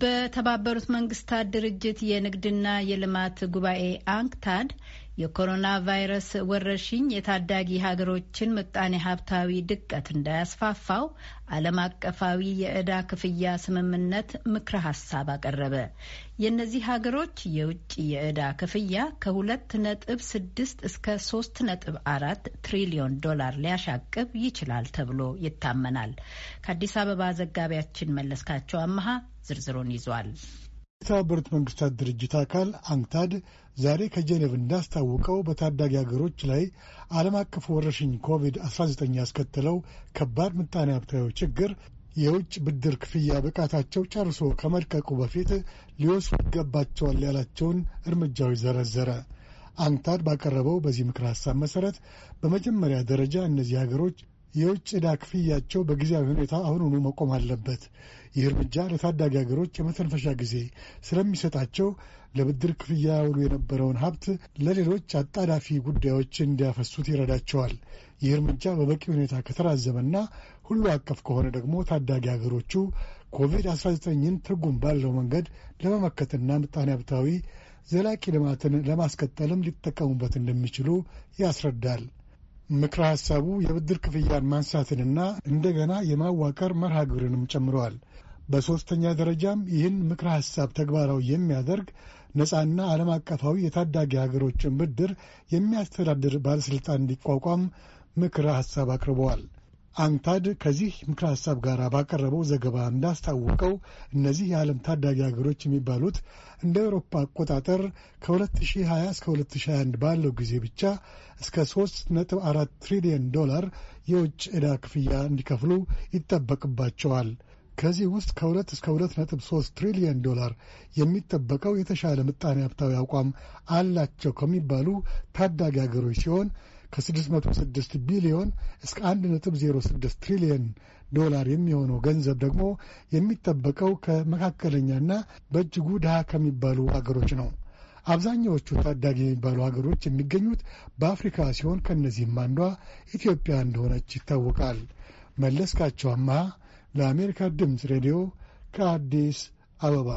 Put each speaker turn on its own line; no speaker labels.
በተባበሩት መንግስታት ድርጅት የንግድና የልማት ጉባኤ አንክታድ የኮሮና ቫይረስ ወረርሽኝ የታዳጊ ሀገሮችን ምጣኔ ሀብታዊ ድቀት እንዳያስፋፋው ዓለም አቀፋዊ የዕዳ ክፍያ ስምምነት ምክረ ሀሳብ አቀረበ። የእነዚህ ሀገሮች የውጭ የዕዳ ክፍያ ከሁለት ነጥብ ስድስት እስከ ሶስት ነጥብ አራት ትሪሊዮን ዶላር ሊያሻቅብ ይችላል ተብሎ ይታመናል። ከአዲስ አበባ ዘጋቢያችን መለስካቸው አመሀ ዝርዝሩን ይዟል።
የተባበሩት መንግስታት ድርጅት አካል አንክታድ ዛሬ ከጄኔቭ እንዳስታወቀው በታዳጊ ሀገሮች ላይ ዓለም አቀፍ ወረርሽኝ ኮቪድ-19 ያስከተለው ከባድ ምጣኔ ሀብታዊ ችግር የውጭ ብድር ክፍያ ብቃታቸው ጨርሶ ከመድቀቁ በፊት ሊወስዱ ይገባቸዋል ያላቸውን እርምጃዎች ዘረዘረ። አንክታድ ባቀረበው በዚህ ምክር ሐሳብ መሠረት በመጀመሪያ ደረጃ እነዚህ ሀገሮች የውጭ ዕዳ ክፍያቸው በጊዜያዊ ሁኔታ አሁኑኑ መቆም አለበት። ይህ እርምጃ ለታዳጊ ሀገሮች የመተንፈሻ ጊዜ ስለሚሰጣቸው ለብድር ክፍያ ያውሉ የነበረውን ሀብት ለሌሎች አጣዳፊ ጉዳዮች እንዲያፈሱት ይረዳቸዋል። ይህ እርምጃ በበቂ ሁኔታ ከተራዘመና ሁሉ አቀፍ ከሆነ ደግሞ ታዳጊ ሀገሮቹ ኮቪድ-19ን ትርጉም ባለው መንገድ ለመመከትና ምጣኔ ሀብታዊ ዘላቂ ልማትን ለማስቀጠልም ሊጠቀሙበት እንደሚችሉ ያስረዳል። ምክረ ሀሳቡ የብድር ክፍያን ማንሳትንና እንደገና የማዋቀር መርሃ ግብርንም ጨምረዋል። በሦስተኛ ደረጃም ይህን ምክረ ሀሳብ ተግባራዊ የሚያደርግ ነፃና ዓለም አቀፋዊ የታዳጊ ሀገሮችን ብድር የሚያስተዳድር ባለሥልጣን እንዲቋቋም ምክረ ሀሳብ አቅርበዋል። አንታድ ከዚህ ምክረ ሀሳብ ጋር ባቀረበው ዘገባ እንዳስታወቀው እነዚህ የዓለም ታዳጊ ሀገሮች የሚባሉት እንደ አውሮፓ አቆጣጠር ከ2020 እስከ 2021 ባለው ጊዜ ብቻ እስከ 3.4 ትሪሊየን ዶላር የውጭ ዕዳ ክፍያ እንዲከፍሉ ይጠበቅባቸዋል። ከዚህ ውስጥ ከ2 እስከ 2.3 ትሪሊየን ዶላር የሚጠበቀው የተሻለ ምጣኔ ሀብታዊ አቋም አላቸው ከሚባሉ ታዳጊ ሀገሮች ሲሆን ከ606 ቢሊዮን እስከ 1.06 ትሪሊየን ዶላር የሚሆነው ገንዘብ ደግሞ የሚጠበቀው ከመካከለኛና በእጅጉ ድሃ ከሚባሉ ሀገሮች ነው። አብዛኛዎቹ ታዳጊ የሚባሉ ሀገሮች የሚገኙት በአፍሪካ ሲሆን ከእነዚህም አንዷ ኢትዮጵያ እንደሆነች ይታወቃል። መለስካቸው አማሃ ለአሜሪካ ድምፅ ሬዲዮ ከአዲስ አበባ